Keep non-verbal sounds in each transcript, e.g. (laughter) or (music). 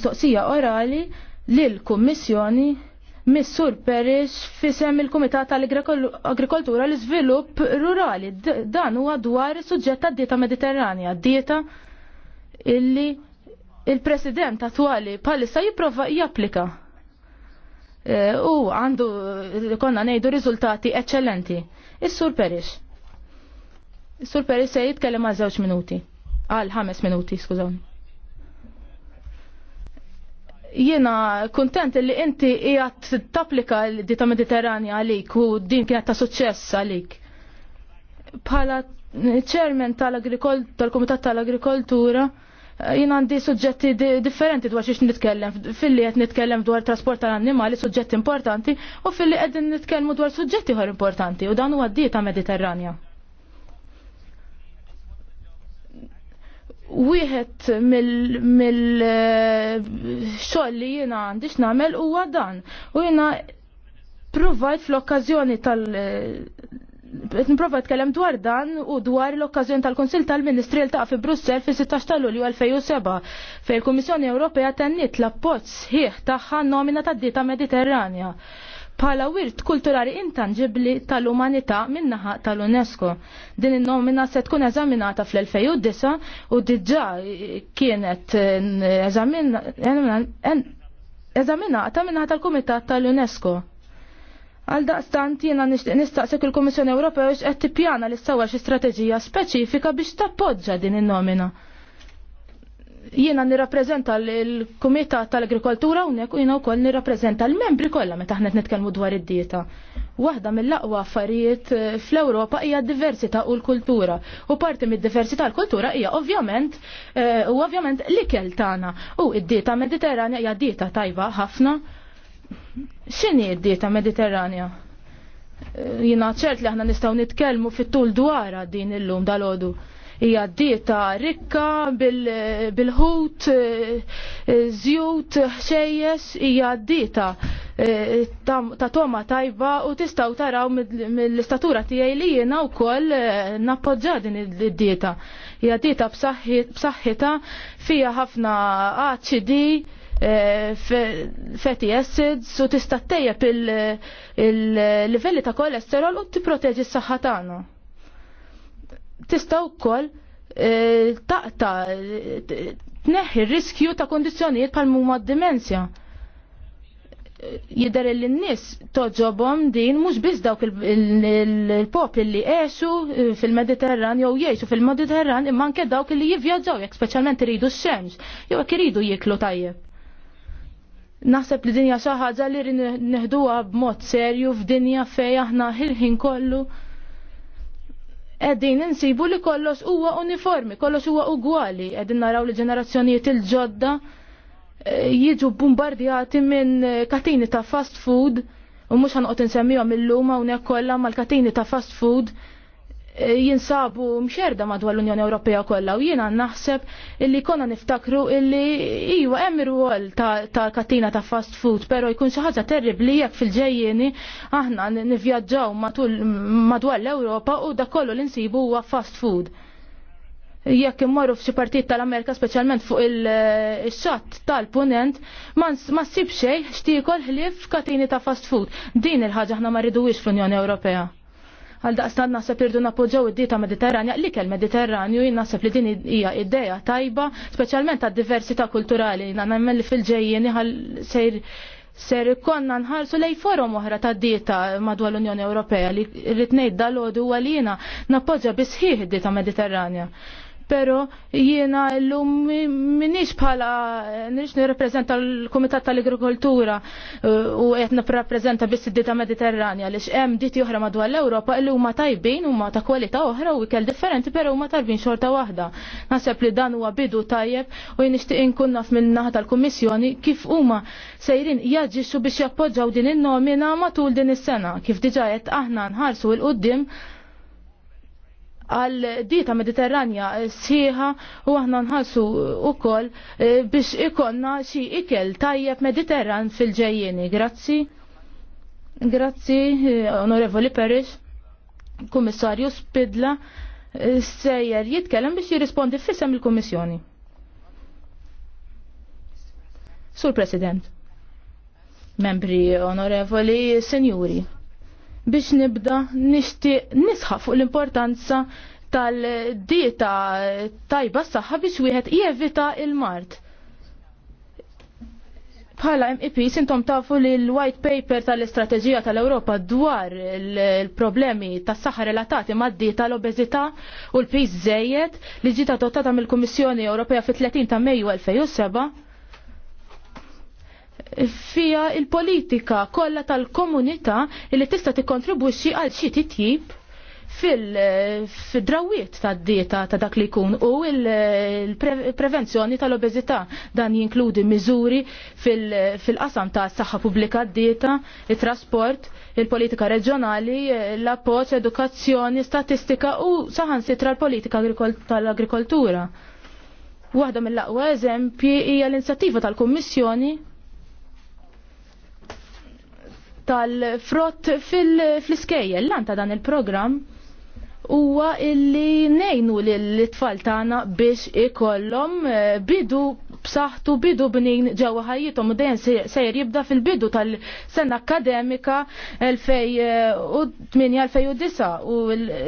mistoqsija orali lill-Kummissjoni Missur Perix fisem il-Kumitat tal-Agrikoltura l-Iżvilupp Rurali. Dan huwa dwar is-suġġett tad-dieta Mediterranja, dieta illi il-President attwali palissa jipprova japplika. E, u għandu konna ngħidu riżultati eċċellenti. Is-Sur Perix. Is-Sur Perix se jitkellem għal żewġ minuti. Għal ħames minuti, skużawni. Jiena kontent li inti qiegħed tapplika di ta' Mediterranja għalik u din kienet ta' suċċess għalik. Bħala ċermen tal-Kumitat tal-Agrikoltura jien għandi suġġetti differenti dwar xiex nitkellem. Filli qed nitkellem dwar trasport tal-annimali, suġġetti importanti, u filli qegħdin nitkellmu dwar suġġetti ħor importanti u dan huwa għaddi ta' Mediterranja. wieħed mill-xogħol eh, li jiena għandix nagħmel huwa dan. U jiena provajt fl-okkażjoni tal- eh, Niprofa tkellem dwar dan u dwar l okkażjoni tal-Konsil tal-Ministri l fi Brussel fi 16 ta' Lulju 2007 fejn il-Kummissjoni Ewropea tennit l-appoġġ sħiħ tagħha nomina tad-dita Mediterranja bħala wirt kulturali intangibli tal-umanità minnaħa tal-UNESCO. Din in-nomina se tkun eżaminata fl-2009 u diġà kienet eh, eżaminata minnaħa tal-Kumitat tal-UNESCO. Għal daqstant jiena nistaqsek il-Kummissjoni Ewropea biex qed tippjana li issawar strateġija speċifika biex tappoġġa din in-nomina jiena nirrappreżenta l-Kumitat tal-Agrikoltura hawnhekk u jiena wkoll nirrapprezenta l-membri kollha meta aħna nitkellmu dwar id-dieta. Waħda mill-aqwa affarijiet eh, fl-Ewropa hija d-diversità u l-kultura. U parti mid-diversità l-kultura hija ovvjament eh, u ovvjament l-ikel tagħna. U id-dieta mediterranja hija dieta tajba ħafna. X'inhi d-dieta mediterranja? Eh, jiena ċert li aħna nistgħu nitkellmu fit-tul dwar din illum dal-għodu hija dieta rikka bil-ħut, żjut, eh, eh, xejjes, hija dieta eh, ta' toma tajba u tistaw taraw mill-istatura tiegħi li jiena wkoll nappoġġa din id-dieta. Hija dieta b'saħħitha fiha ħafna ACD, fatty acids u tista' tejjeb il-livelli ta' kolesterol u tipproteġi s-saħħa tagħna tista' wkoll eh, taqta tneħħi riskju ta' kondizjoniet pal muma d-dimensja. Eh, jidher li n-nies toġobhom din mhux biss dawk il-popli li eħsu eh, fil-Mediterran jew jgħixu fil-Mediterran imma anke dawk li jivvjaġġaw jekk speċjalment iridu x-xemx jew jekk iridu jiklu tajjeb. Naħseb li dinja xi ħaġa li b b'mod serju f'dinja fejn aħna ħilħin kollu Qegħdin insibu li kollox huwa uniformi, kollox huwa ugwali, qegħdin naraw li ġenerazzjonijiet il-ġodda eh, jiġu bombardjati minn eh, katini ta' fast food u mhux ħanqod insemmihom illum hawnhekk kollha mal-katini ta' fast food jinsabu mxerda madwar l-Unjoni Ewropea kollha u jiena naħseb illi konna niftakru illi iwa hemm ir ta', ta katina ta' fast food, però jkun xi ħaġa terribli jekk fil-ġejjieni aħna nivvjaġġaw madwar l-Ewropa u dak kollu li nsibu huwa fast food. Jekk immorru f'xi partit tal-Amerika speċjalment fuq il-xatt tal-punent, ma ssib xejn xtiekol ħlief katini ta' fast food. Din il-ħaġa aħna ma rridux fl-Unjoni Ewropea. Għal daqstan naħseb irdu napoġaw id-dieta mediterranja, li kell mediterranju jien naħseb li din hija idea tajba, speċjalment għad diversità kulturali, jina għan li fil-ġejjien sejr ser konna nħarsu lej forum oħra ta' dieta madwar l-Unjoni Ewropea li rritnejt dal-ħodu għalina nappoġġa bisħiħ id-dieta mediterranja pero jiena llum minix bħala nix nirreprezenta l-Kumitat tal-Agrikoltura eh, u qed nirreprezenta biss id Mediterranja għaliex hemm diti oħra madwar l-Ewropa illi huma tajbin huma ta' kwalità oħra u ikel differenti però huma tajbin xorta waħda. Naħseb li dan huwa bidu tajjeb u jien nixtieq inkun naf minn naħa tal-Kummissjoni kif huma sejrin jaġixxu biex jappoġġaw din in-nomina matul din is-sena kif diġà qed aħna nħarsu l-qudiem għal dieta mediterranja sħiħa u aħna nħassu koll e, biex ikonna xi ikel tajjeb mediterran fil-ġejjeni. Grazzi. Grazzi, e, onorevoli Perish, komissarju Spidla, e, sejjer jitkellem biex jirrispondi fissem il-Kummissjoni. Sur President, membri onorevoli, senjuri. Biex nibda nixtieq nisħaq fuq l-importanza tal-dieta tajba s-saħħa biex wieħed jevita il-mart. Bħala MEP sintom tafu li l-white paper tal-istrateġija tal-Europa dwar il-problemi tas saħħa relatati mad-dieta l-obezità u l-pis żejjed li ġiet adottata mill-Kummissjoni Ewropea fit-30 ta' Mejju 2007 fija il-politika kollha tal-komunità li tista' tikkontribwixxi għal xi titjib fil-drawiet ta' dieta ta' dak li jkun u il-prevenzjoni tal-obezità dan jinkludi miżuri fil-qasam ta' s-saħħa pubblika d-dieta, il-trasport, il-politika reġjonali, l-appoġġ, edukazzjoni, statistika u saħansitra l-politika tal-agrikoltura. Waħda mill-aqwa eżempji hija l-inizjattiva tal-Kummissjoni tal-frott fil-iskejjel. Lan ta' dan il-programm huwa illi nejnu l-tfal tagħna biex ikollhom eh, bidu b'saħħtu bidu bnin ġewwa ħajjithom u dejjem sejr jibda fil-bidu tal-sena akademika 2008-2009 eh, u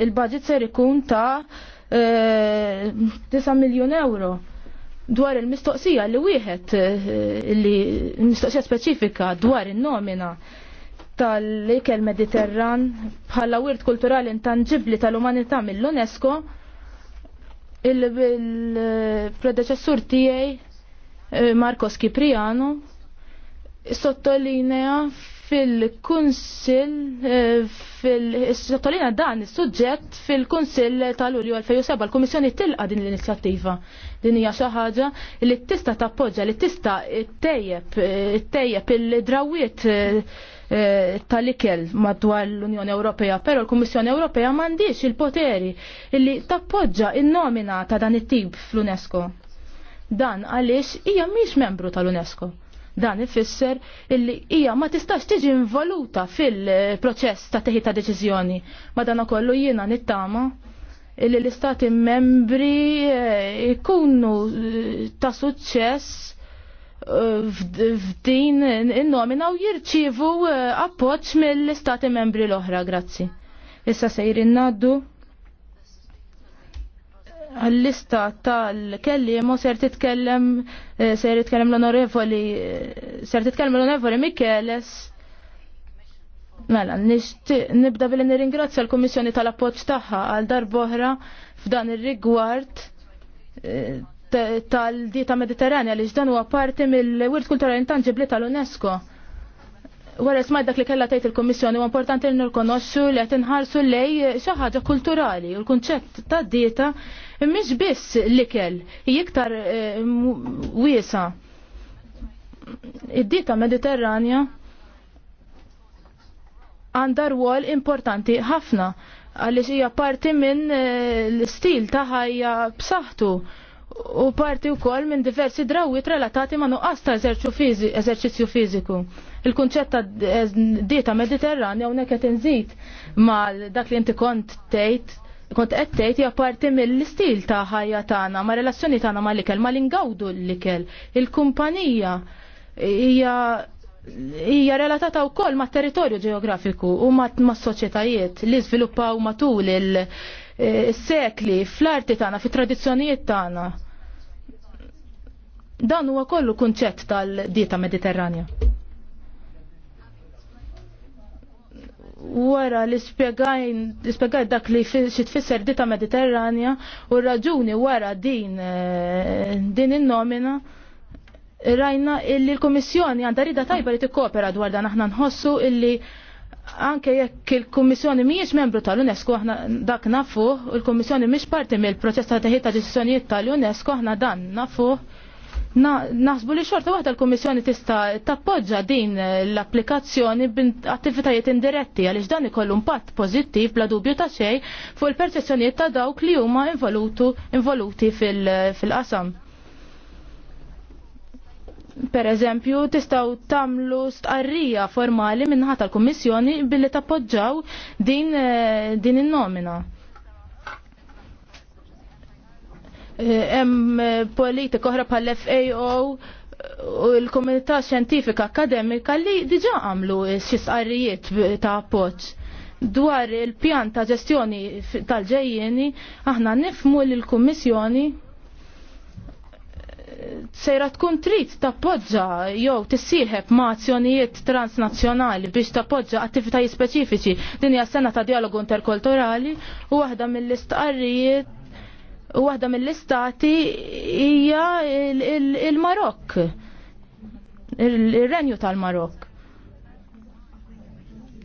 l-budget ser ikun ta' 9 eh, miljun euro dwar il-mistoqsija li wieħed li mistoqsija speċifika dwar in-nomina tal-ikel mediterran bħala wirt kulturali intangibli tal-umanità mill-UNESCO il-predeċessur tiegħi eh, Marcos Kipriano sottolinea fil-Kunsil eh, fil-sottolinea dan is-suġġett fil-Kunsil tal-Ulju 2007 l komissjoni tilqa din l-inizjattiva. Din hija xi ħaġa li tista' tappoġġa li tista' ttejjeb eh, ttejjeb il-drawiet Eh, tal-ikel madwar l-Unjoni Ewropea, pero l-Kummissjoni Ewropea m'għandix il-poteri illi tappoġġa in-nomina ta' dan it tib fl-UNESCO. Dan għaliex hija mhix membru tal-UNESCO. Dan ifisser illi hija ma tistax tiġi involuta fil-proċess ta' teħi ta' deċiżjoni. dan kollu jiena nittama illi l-istati membri jkunu eh, ta' suċċess f'din in-nomina u jirċivu eh, appoġġ mill-istati membri l-oħra, grazzi. Issa sejrin naddu għall-lista tal kelli u ser titkellem eh, ser titkellem l-onorevoli eh, ser titkellem l-onorevoli Mikeles Mela, nibda billi ringrazzja l-Kommissjoni tal-appoġġ tagħha għal darboħra f'dan ir-rigward tal-dieta mediterranja li ġdan huwa parti mill-wirt kulturali intangibli tal-UNESCO. Wara smajt dak li kella tgħid il-Kummissjoni huwa importanti li nirkonoxxu li qed inħarsu lej xi ħaġa kulturali. U l-kunċett tad-dieta mhix biss l-ikel, hija iktar eh, wiesa. Id-dieta mediterranja għandha rwol importanti ħafna għaliex hija parti minn eh, l-istil ta' ħajja b'saħħtu u parti u koll minn diversi drawiet relatati ma' nuqqas ta' eżerċizzju fiziku. Il-kunċett ta' eh, dieta mediterranja unek qed inżid ma' dak li inti kont tgħid kont qed tgħid hija parti mill-istil ta' ħajja tagħna, ma' relazzjoni tagħna ma' l-ikel, ma' l-ingawdu l-ikel. Il-kumpanija hija hija relatata wkoll ma' territorju ġeografiku u ma' soċjetajiet li żviluppaw matul il- eh, sekli fl-arti tagħna, fit-tradizzjonijiet tagħna. Dan huwa kollu kunċett tal-dieta mediterranja. Wara li spiegajt dak li xi tfisser dieta mediterranja u raġuni wara din eh, din in-nomina rajna illi l-Kummissjoni għandha rida tajba li tikkopera dwar dan aħna nħossu illi anke jekk il-Kummissjoni mhijiex membru tal-UNESCO aħna dak nafu, il-Kummissjoni mhix parti mill-proċess ta' teħid ta' deċiżjonijiet tal-UNESCO aħna dan nafu Naħsbu li xorta waħda l-Kommissjoni tista' tappoġġa din l-applikazzjoni b'attivitajiet indiretti għaliex dan ikollu impatt pożittiv bla dubju ta' xejn fuq il-perċezzjonijiet ta' dawk li huma involuti fil-qasam. Per eżempju, tistaw tamlu stqarrija formali minnaħat tal-Kommissjoni billi tappoġġaw din, eh, din in-nomina. Eh, hemm eh, politika oħra bħall FAO u l-komunità xjentifika akademika li diġa għamlu xi sqarrijiet ta' appoġġ dwar il-pjan ta' ġestjoni tal-ġejjeni aħna nifmu li l-Kummissjoni eh, sejra tkun trid tappoġġa jew tissieħeb ma' azzjonijiet transnazzjonali biex tappoġġa attivitajiet speċifiċi din hija sena ta' dialogu interkulturali u waħda mill-istqarrijiet u waħda mill-istati hija il-Marokk. Il-renju tal-Marokk.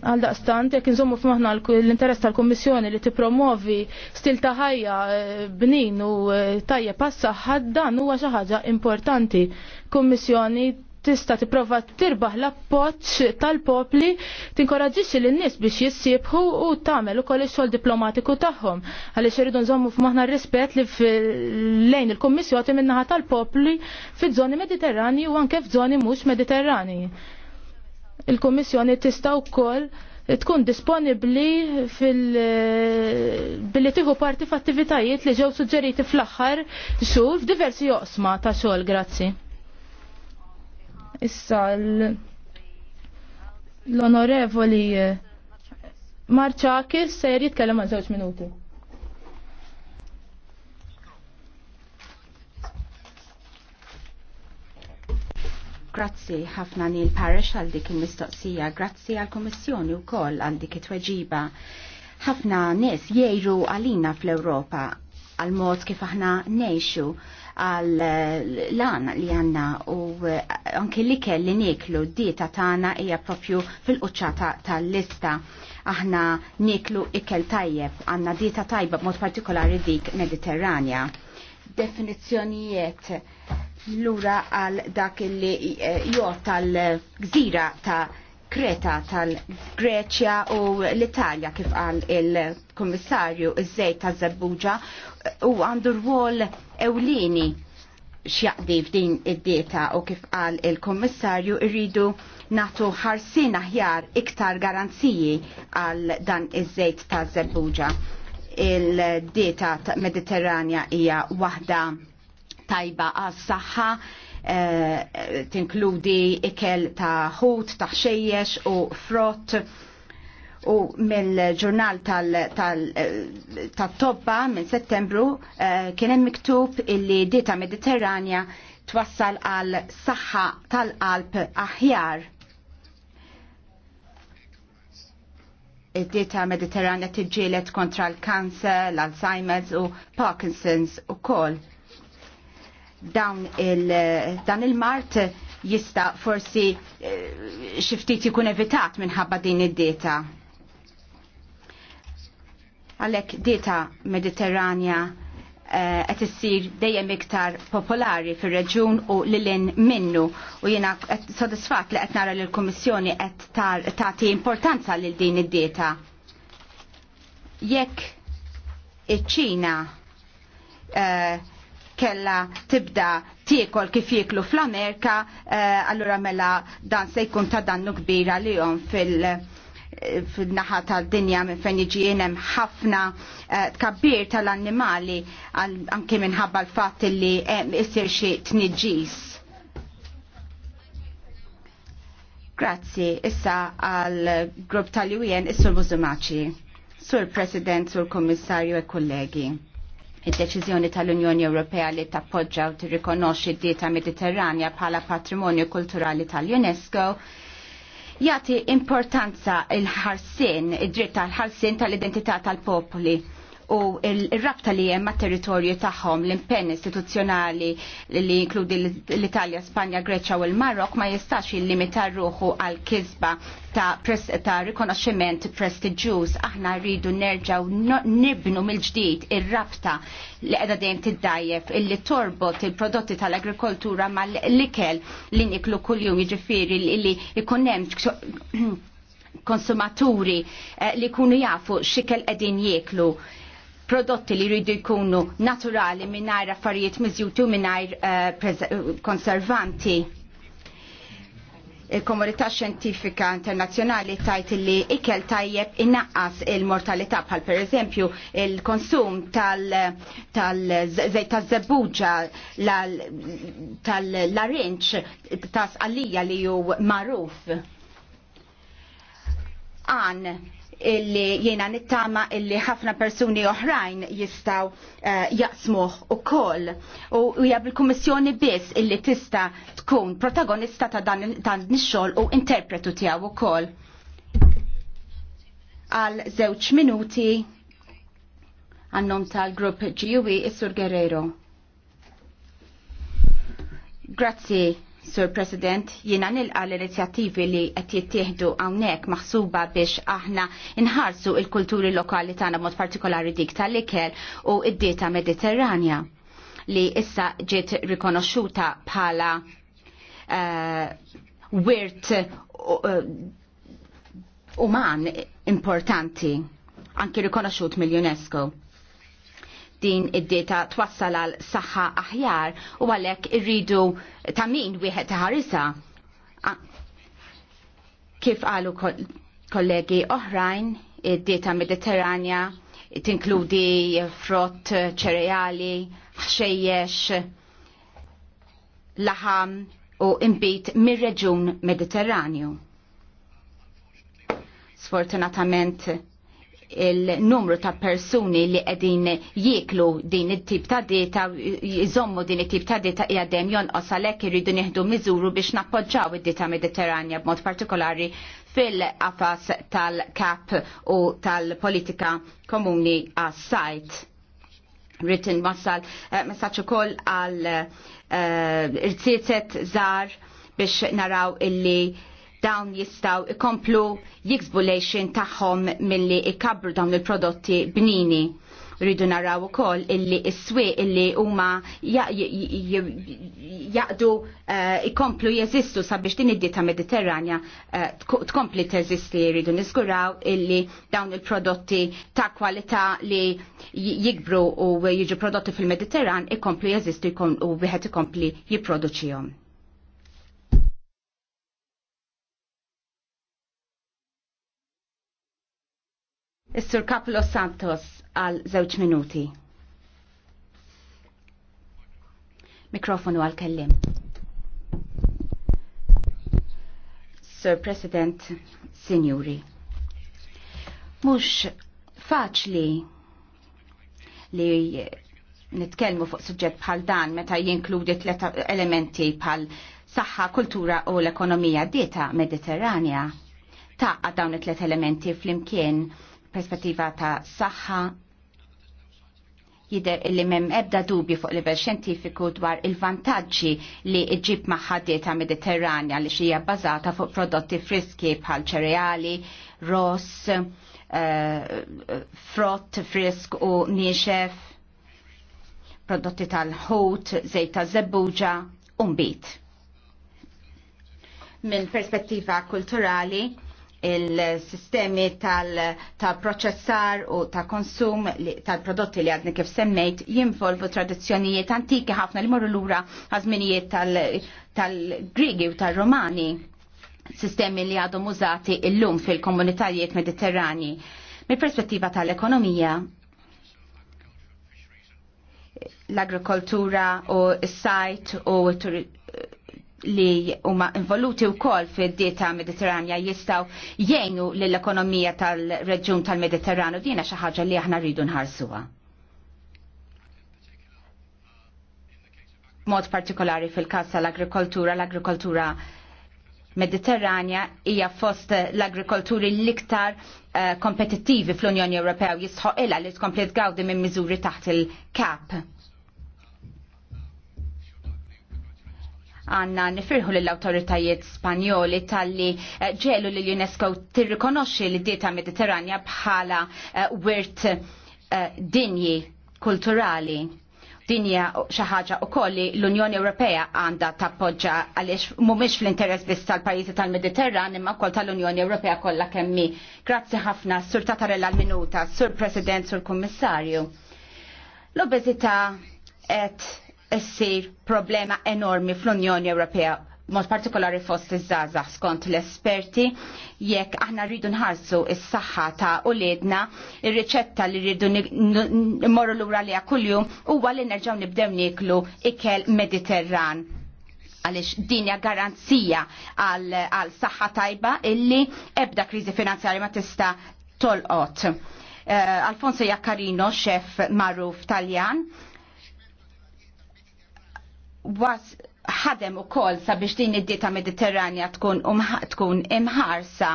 Għal daqstant, jek nżommu f'maħna l-interess tal-Kommissjoni li tipromovi stil ta' ħajja eh, bnin u eh, tajje passa ħaddan huwa xi ħaġa importanti. Kommissjoni tista tipprova tirbaħ l-appoġġ tal-popli, tinkoraġġixxi lin-nies biex jissibħu u tagħmel ukoll ix-xogħol diplomatiku tagħhom. Għaliex irridu nżommu f'maħna r-rispett li lejn il-Kummissjoni min-naħa tal-popli fiż-żoni Mediterrani u anke f'żoni mhux Mediterrani. Il-Kummissjoni tista' wkoll tkun disponibli fil billi tieħu parti f'attivitajiet li ġew suġġeriti fl-aħħar xhur f'diversi joqsma ta' xogħol, grazzi. Issa l-onorevoli eh, Marċakis se jitkellem għal żewġ minuti. Grazzi ħafna Neil Parish għal dik il-mistoqsija, grazzi għal kommissjoni u koll għal dik it-tweġiba. ħafna nies jgħidu għalina fl-Ewropa għal mod kif aħna nejxu għal eh, lan li għanna u eh, anki li kelli niklu d-dieta tagħna hija propju fil-quċċata tal-lista. Aħna niklu ikel tajjeb, għanna dieta tajba mod partikolari dik mediterranja. Definizzjonijiet lura għal dak li eh, jgħot tal-gżira ta' Kreta tal-Greċja u l-Italja kif qal il-Kommissarju iż-żejt ta' Zabbuġa u għandu rwol ewlini x'jaqdi f'din id-dieta u kif qal il-Kommissarju irridu natu ħarsin aħjar iktar garanziji għal dan iż-żejt ta' Zabbuġa. Il-dieta mediterranja hija waħda tajba għas saħħa Eh, tinkludi ikel ta' hut, ta' xejjex u frott u mill-ġurnal tal-tobba eh, minn settembru eh, kien hemm miktub illi dieta mediterranja twassal għal saħħa tal-qalb aħjar. id-dieta mediterranja tiġġielet kontra l-kanser, l-Alzheimer's u Parkinson's u koll dawn il, dan il-mart jista forsi eh, xiftit jikun evitat minħabba din id-dieta. Għalek dieta mediterranja eh, qed issir dejjem iktar popolari fir-reġjun u lilin minnu u jiena sodisfatt li qed nara li l-Kummissjoni qed tagħti importanza lil din id-dieta. Jekk iċ-Ċina eh, kella tibda tiekol kif jieklu fl-Amerika, eh, allura mela dan se jkun ta' dannu kbira li jom fil- eh, fil-naħa tal-dinja minn fejn jiġi jenem ħafna eh, tkabbir tal-annimali anke minħabba l fat li isir xi tniġis. Grazzi, issa għal grupp tal-UN, is-Sur Muzumaċi, Sur President, Sur Kommissarju e kollegi. Id-deċiżjoni tal-Unjoni Ewropea li tappoġġa u tirrikonoxxi d-dieta Mediterranja bħala patrimonju kulturali tal-UNESCO jagħti importanza il-ħarsin, id-dritt tal-ħarsin tal-identità tal-popoli. tal tal identità tal popoli u il-rabta li hemm mat-territorju tagħhom l-impenn istituzzjonali li jinkludi l-Italja, Spanja, Greċja u l-Marok ma jistax il-limita ruħu għal kisba ta', pres ta rikonoxximent prestiġjuż aħna rridu nerġaw nibnu mill-ġdid ir-rabta li qiegħda dejjem tiddajjef illi torbot il-prodotti tal-agrikoltura mal-ikel li niklu kuljum jiġifieri li jkun hemm (clears throat) konsumaturi eh, li kunu jafu xikel edin jieklu prodotti li jridu jkunu naturali mingħajr affarijiet miżjutu mingħajr eh, konservanti. Il-komunità xjentifika internazzjonali tajt li ikel tajjeb innaqqas il-mortalità bħal per eżempju il-konsum tal zejt tal zebuġa tal-larinċ tas għalija li ju maruf għan illi jiena nittama illi ħafna persuni oħrajn jistaw uh, jaqsmuh u koll. U jgħab bil kommissjoni biss illi tista tkun protagonista ta' dan, dan nix-xogħol u interpretu tiegħu koll. Għal żewġ minuti għannom tal-grupp GUE is-Sur Guerrero. Grazie. Sur President, jina nilqa l-inizjattivi li qed jittieħdu hawnhekk maħsuba biex aħna nħarsu il-kulturi lokali tagħna mod partikolari dik tal-ikel u id-dieta mediterranja li issa ġiet rikonoxxuta bħala uh, wirt uh, uman importanti anki rikonoxxut mill-UNESCO din id-dieta twassal għal saħħa aħjar u għalhekk irridu ta' min wieħed ħarisa'. Kif qalu kollegi oħrajn, id-dieta mediterranja tinkludi frott, ċereali, ħxejjex, laħam u imbit mir-reġun mediterranju. Sfortunatament il-numru ta' persuni li qegħdin jieklu din it-tip ta' dieta, jżommu din it-tip ta' dieta jgħadem jonqos għalhekk irridu nieħdu miżuru biex nappoġġaw id-dieta mediterranja b'mod partikolari fil-qafas tal-kap u tal-politika komuni għas-sajt. Ritin wassal messaċu eh, messaċ ukoll għal eh, zar biex naraw illi dawn jistaw ikomplu jiksbu lejxin taħħom mill-li ikabru dawn il-prodotti bnini. Rridu naraw u koll illi s-swi illi huma jaqdu eh, ikomplu jeżistu sabiex din id-dieta mediterranja eh, tkompli teżisti rridu nisguraw illi dawn il-prodotti ta' kwalità li jikbru u jiġu prodotti fil-Mediterran ikomplu jeżistu u wieħed ikompli jipproduċihom. Is-Sur Kaplo Santos għal żewġ minuti. Mikrofonu għal kellim. Sir President, Signori. Mux faċli li nitkellmu fuq suġġett bħal dan meta jinkludi tlet elementi bħal saħħa, kultura u l-ekonomija dieta mediterranja taqqa dawn it-tlet elementi flimkien perspettiva ta' saħħa, jider li mem ebda dubju fuq livell xjentifiku dwar il-vantaġġi li iġib maħħa dieta mediterranja li xija bbażata fuq prodotti friski bħal ċereali, ross, uh, frott frisk u niexef, prodotti tal-ħut, zejta ta' zebbuġa, umbit. Mill perspettiva kulturali, il-sistemi tal-proċessar u tal-konsum tal-prodotti li għadni kif semmejt jinvolvu tradizzjonijiet antiki ħafna li morru lura għazminijiet tal-Grigi u tal-Romani sistemi li għadhom użati illum fil-komunitajiet mediterrani. Mil-perspettiva tal-ekonomija, l-agrikoltura u s-sajt u li huma involuti wkoll fid-dieta mediterranja jistgħu jgħinu lill-ekonomija tal-reġjun tal-Mediterranu dina xi ħaġa li aħna rridu nħarsuha. Mod partikolari fil-każ tal-agrikoltura, l-agrikoltura mediterranja hija fost l-agrikolturi l-iktar eh, kompetittivi fl-Unjoni Ewropea u ilha li tkompli tgawdi minn miżuri taħt il-kap għanna nifirħu l-autoritajiet spanjoli tal-li eh, ġelu li l-UNESCO tirrikonoxxi li dieta mediterranja bħala eh, wirt eh, dinji kulturali. Dinja xaħġa u kolli l-Unjoni Ewropea għanda tappoġġa għaliex mumiex fl-interess biss tal-pajjiżi tal-Mediterran imma wkoll tal-Unjoni Ewropea kollha kemmi. Grazzi ħafna, Sur Tatarella l minuta Sur President, Sur Kummissarju. L-obeżità qed essir problema enormi fl-Unjoni Ewropea mod partikolari fost iż-żazax skont l-esperti jekk aħna rridu nħarsu is-saħħa ta' uliedna, ir-riċetta li rridu mmorru lura liha kuljum huwa li nerġgħu nibdew niklu ikel Mediterran għalix dinja garanzija għal saħħa tajba illi ebda kriżi finanzjarja ma tista' tolqot. Uh, Alfonso Jaccarino, xef maruf Taljan, was ħadem u kol sabiex din id-dieta mediterranja tkun, umha, tkun imħarsa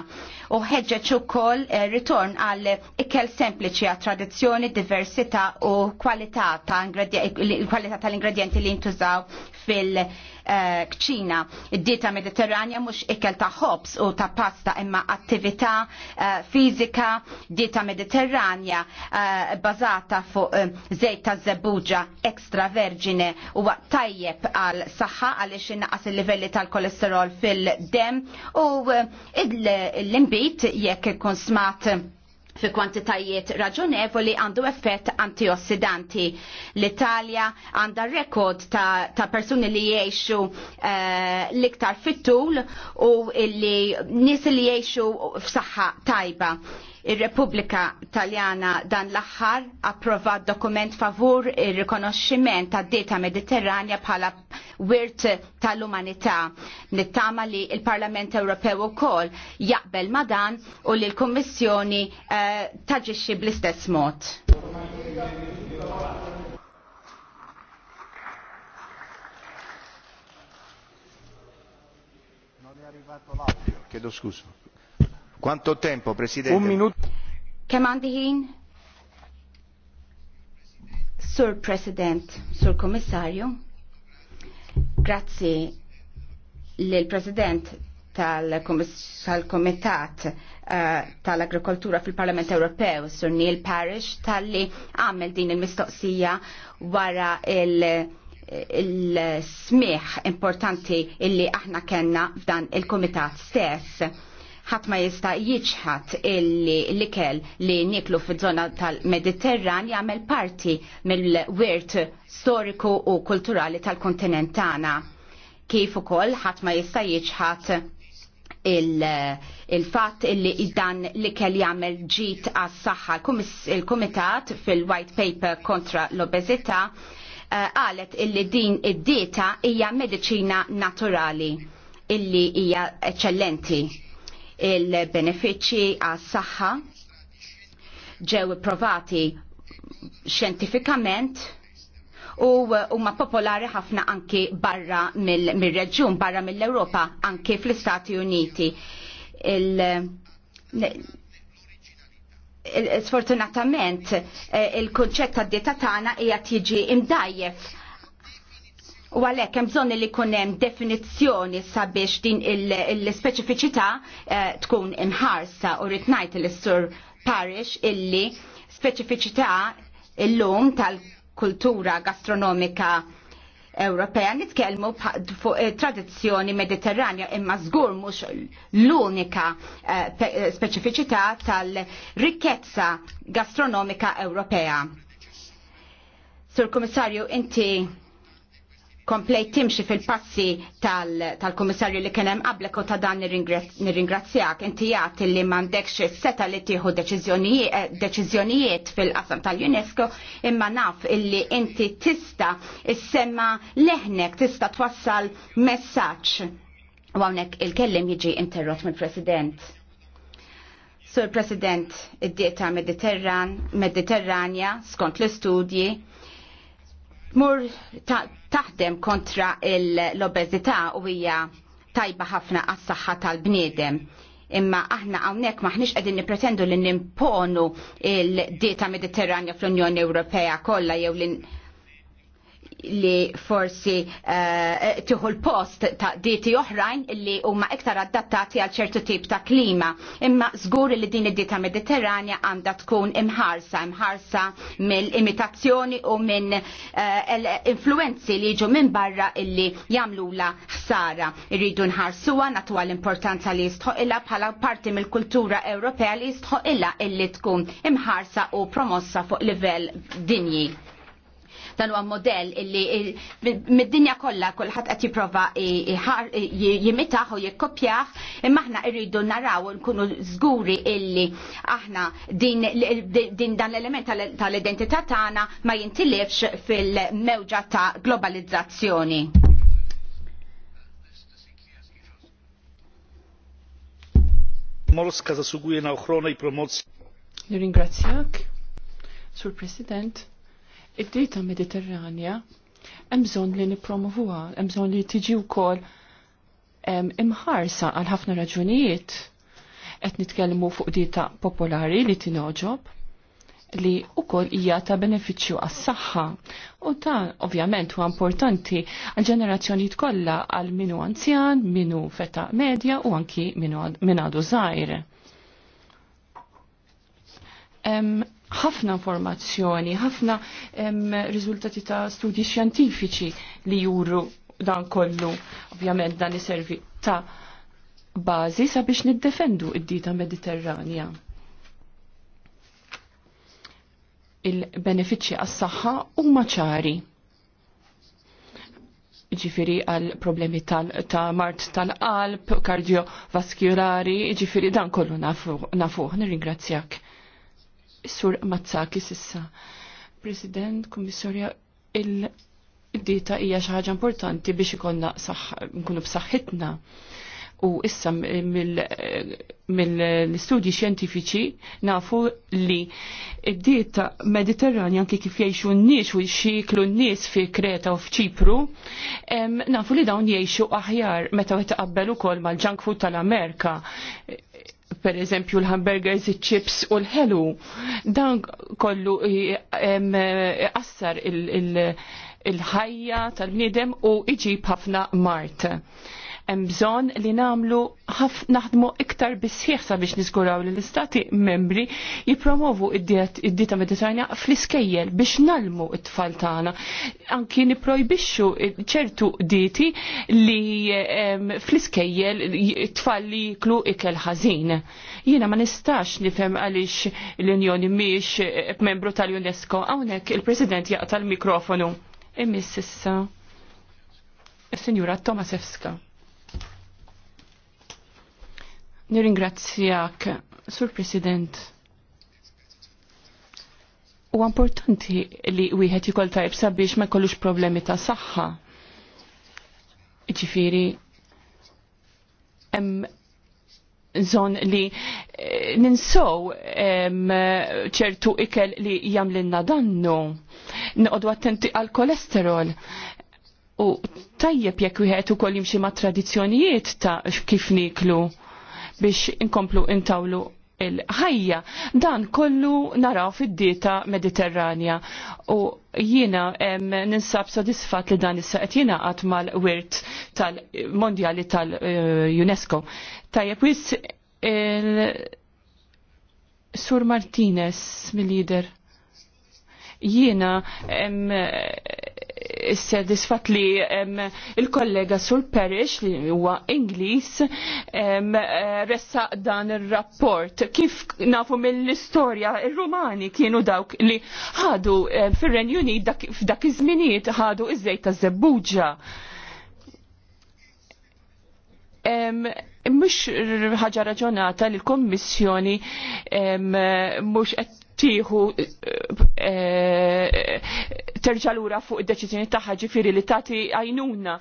u ħeġġeġ u kol eh, ritorn għal ikkel sempliċi għal tradizjoni, diversità u kwalità tal-ingredienti li jintużaw fil- Eh, kċina. Id-dieta mediterranja mhux ikel ta' ħobs u ta' pasta imma attività eh, fiżika, dieta mediterranja eh, bazata fuq żejt ta' zebuġa ekstra vergine u tajjeb għal saħħa għaliex innaqas il-livelli tal-kolesterol fil-dem u l-imbit jekk ikun smat fi kwantitajiet raġunevoli għandu effett antiossidanti. L-Italja għandha rekord ta', ta persuni li jiexu uh, liktar fit-tul u li nis li jiexu f'saħħa tajba il repubblika Taljana dan l-aħħar approva dokument favur ir-rikonoxximent tad-dieta Mediterranja bħala wirt tal-umanità. Nittama li il-Parlament Ewropew ukoll jaqbel ma dan u li l-Kummissjoni uh, taġixxi bl-istess mod. chiedo scusa. Quanto tempo, Presidente? Un minuto. Kemm għandi ħin? Sur President, Sur Kommissarju, grazie lill president tal uh, eh, tal-Agrikoltura fil-Parlament Ewropew, Sur Neil Parish, tal-li għamil din il-mistoqsija wara il- il-smiħ importanti illi aħna kenna f'dan il-komitat stess ħadd ma jista' jiġħad illi l-ikel li niklu fiż-żona tal-Mediterran jagħmel parti mill-wirt storiku u kulturali tal-kontinent tagħna. Kif ukoll ħadd ma jista' jiġħad il-fatt il illi dan l-ikel jagħmel ġit għas-saħħa. Il-Kumitat fil-White Paper kontra l-Obeżità eh, qalet illi din id-dieta hija mediċina naturali illi hija eċċellenti il-benefiċċji għas saħħa ġew provati xjentifikament u huma popolari ħafna anki barra mill-reġjun, barra mill-Ewropa, anki fl-Istati Uniti. Il, il sfortunatament eh, il-konċett tad-dieta tagħna hija tiġi imdajjef U għalhekk hemm bżonn li jkun hemm definizzjoni sabiex din il speċifiċità eh, tkun imħarsa u rrid ngħid sur Parish illi speċifiċità il-lum tal-kultura gastronomika Ewropea nitkellmu fuq eh, tradizzjoni mediterranja imma żgur mhux l-unika eh, speċifiċità tal-rikkezza gastronomika Ewropea. Sur Kummissarju, inti komplejt timxi fil-passi tal-komissarju li kienem qablek u ta' dan nir-ingrazzjak. Inti jgħat li mandekx seta li tieħu deċizjonijiet eh, fil-qasam tal-UNESCO imma naf illi inti tista semma leħnek tista twassal messaċ. U għawnek il-kellim jiġi interrot mill-President. Sur President, id-dieta Mediterran, Mediterranja, skont l-istudji, mur taħdem kontra l-obezità u hija tajba ħafna għas-saħħa tal-bniedem imma aħna għawnek maħnix għedin nipretendu li nimponu il-dieta mediterranja fl-Unjoni Ewropea kolla jew li li forsi uh, tieħu l-post ta' diti oħrajn li huma iktar adattati għal ċertu tip ta' klima. Imma zgur li din id-dieta mediterranja għandha tkun imħarsa, imħarsa mill-imitazzjoni u minn uh, influenzi li jiġu minn barra illi la ħsara. Irridu nħarsuha nagħtuha l-importanza li illa bħala parti mill-kultura Ewropea li illa illi tkun imħarsa u promossa fuq livell dinji. Dan huwa modell illi mid-dinja kollha kulħadd qed jipprova jimitaħ u jikkopjaħ imma aħna rridu naraw nkunu żguri illi aħna din dan l-element tal-identità tagħna ma jintilifx fil-mewġa ta' globalizzazzjoni. Morska za sugujena ochronę i promocję. Ringrazzjak, Sur President. Id-dieta mediterranja hemm bżonn li nippromovuha, hemm bżonn li tiġi wkoll imħarsa għal ħafna raġunijiet qed nitkellmu fuq dieta popolari li tinoġob li wkoll hija ta' benefiċċju għas-saħħa u ta ovvjament huwa importanti għal ġenerazzjonijiet kollha għal minu anzjan, minu feta medja u anki minu għadu żgħir ħafna informazzjoni, ħafna riżultati ta' studji xjentifiċi li juru dan kollu, ovvjament dan iservi ta' bażi sabiex niddefendu id-dita mediterranja. Il-benefiċċji għas-saħħa huma ċari ġifiri għal problemi ta' mart tal-qalb, kardiovaskulari, ġifiri dan kollu nafuħ, nafu, nirringrazzjak. Sur Mazzaki sissa. President, Kommissorja, il-dita hija xi ħaġa importanti biex ikonna nkunu b'saħħitna. U issa mill-istudji xjentifiċi nafu li id-dieta mediterranja anki kif jgħixu n-nies u xiklu n-nies fi Kreta u f'Ċipru, nafu li dawn jgħixu aħjar meta qed taqabbel ukoll mal-junk tal-Amerika per eżempju l-hamburgers, il-chips u l-ħelu, dan kollu assar il-ħajja tal-bnidem u iġib ħafna mart. Hemm bżonn li nagħmlu naħdmu iktar bisħieħ sabiex niżguraw li l-istati membri jippromovu id-dieta mediterranja fl-iskejjel biex nalmu it-tfal tagħna. Anki niprojbixxu ċertu diti li fl-iskejjel it-tfal li jiklu ikel ħażin. Jiena ma nistax nifhem għaliex l-Unjoni miex membru tal-UNESCO hawnhekk il-President jaqta' l-mikrofonu. Imis sissa. Signora Tomasewska. Nirringrazzjak, Sur President. U importanti li wieħed jikol tajb sabiex ma jkollux problemi ta' saħħa. Ġifiri, hemm żon li eh, ninsow ċertu ikel li jamlinna dannu. Noqogħdu attenti għal kolesterol. U tajjeb jekk wieħed ukoll jimxi ma' tradizzjonijiet ta' kif niklu biex inkomplu intawlu il-ħajja. Dan kollu naraw fid-dieta mediterranja u jiena ninsab sodisfat li dan issa qed jingħaqad mal-wirt tal-mondjali tal-UNESCO. Tajjeb wis il-Sur Martinez mill-lider. Jiena s-sedisfat li il-kollega Sul Parish li huwa Ingliż eh, ressaq dan ir-rapport. Kif nafu mill-istorja ir-Rumani kienu dawk li ħadu eh, fir-Renju Unit f'dak iż-żminijiet ħadu iż-żejt taż-żebbuġa mux ħaġa raġonata li l-Kommissjoni mux qed tieħu eh, terġa' lura fuq id-deċiżjoni taħħa ġifiri li tagħti għajnuna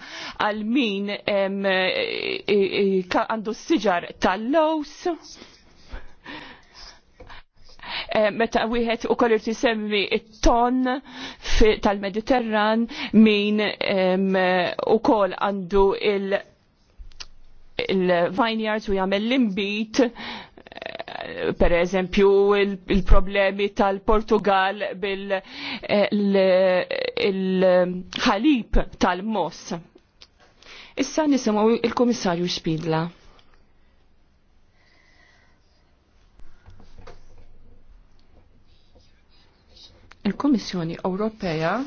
għal min e, e, e, għandu s-siġar tal-lows. Meta wieħed ukoll irid semmi it-ton tal-Mediterran min ukoll għandu il- vineyards u jagħmel l-imbit per eżempju il-problemi il tal-Portugal bil-ħalib eh, tal-moss. Issa nisimaw il-Komissarju Spidla. Il-Komissjoni Ewropea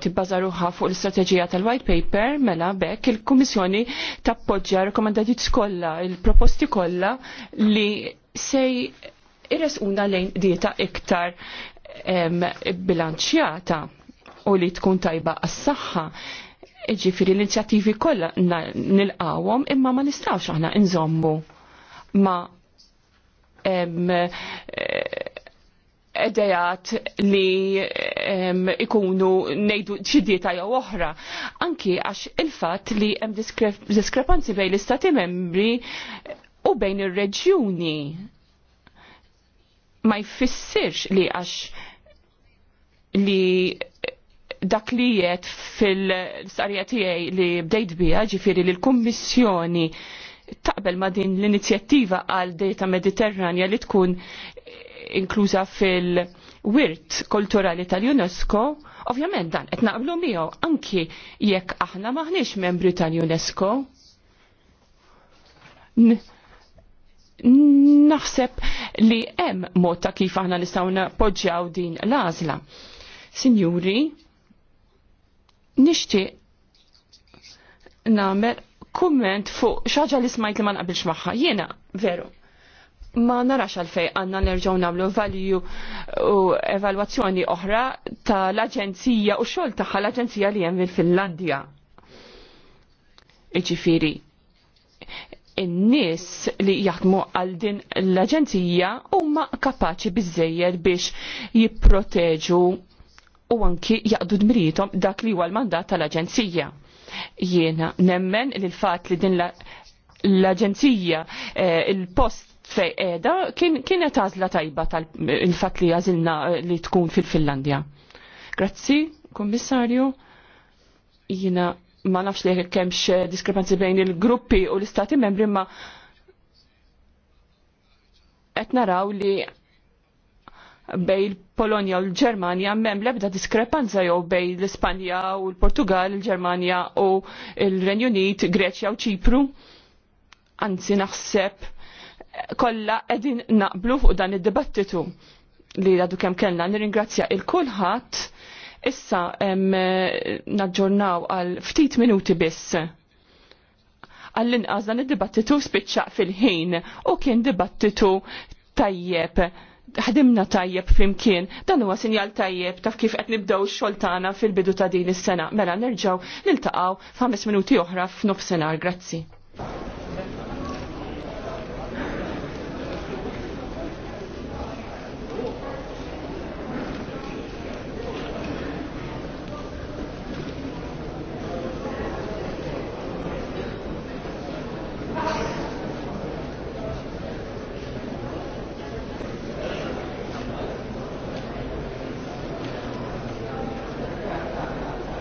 tibbażaruha fuq l strategija tal-white paper, mela bekk il-Kummissjoni tappoġġja rekomendazzjoni kollha, il-proposti kollha li sej irresquna lejn dieta iktar bilanċjata u li tkun tajba għas-saħħa. Ġifiri l-inizjattivi kollha nilqawhom imma ma nistgħux aħna nżommu ma edajat eh, li ikunu nejdu ċidieta jew oħra. Anki għax il-fat li hemm diskrepanzi bejn l-istati membri u bejn ir-reġjuni. Ma jfissirx li għax li dak li jiet fil sarja tiegħi li bdejt biha ġifiri li l-Kummissjoni taqbel ma din l-inizjattiva għal Data Mediterranja li tkun inkluża fil-wirt kulturali tal-UNESCO, ovvjament dan qed naqblu miegħu anki jekk aħna maħniex membri tal-UNESCO. Naħseb li hemm mod ta' kif aħna nistgħu napoġġjaw din l-għażla. Sinjuri, nixtieq nagħmel kumment fuq xaġa li smajt li ma naqbilx magħha. Jiena, veru, ma narax fej għanna nerġaw namlu valju u evalwazzjoni oħra ta' l-Aġenzija u xol taħħa l-Aġenzija li jem fil-Finlandja. Iġifiri, in-nies li jaħdmu għal din l-Aġenzija huma kapaċi bizzejjer biex jipproteġu u anki jaqdu dmirietom dak li huwa l-mandat tal-Aġenzija. Jiena nemmen li l-fatt li din l-Aġenzija eh, il-post fej edha kienet għazla tajba tal-fat li għazilna eh, li tkun fil-Finlandja. Grazzi, kommissarju, jina ma nafx li kemx eh, diskrepanzi bejn il-gruppi u l-istati membri ma qed naraw li bej il-Polonja u l-Ġermanja mem lebda diskrepanza jew bej l-Ispanja u l-Portugal, l-Ġermanja u l-Renju Unit, Greċja u Ċipru. Anzi naħseb Kolla qegħdin naqblu fuq dan id-dibattitu li għadu kem kellna. Nirringrazzja il-kulħadd issa naġġornaw għal ftit minuti biss għall-inqas dan id-dibattitu spiċċaq fil-ħin u kien dibattitu tajjeb ħdimna tajjeb flimkien, dan huwa sinjal tajjeb taf kif qed nibdew x-xoltana fil-bidu ta' din is-sena. Mela nerġgħu niltaqgħu f'ħames minuti oħra f'nofsinhar, grazzi.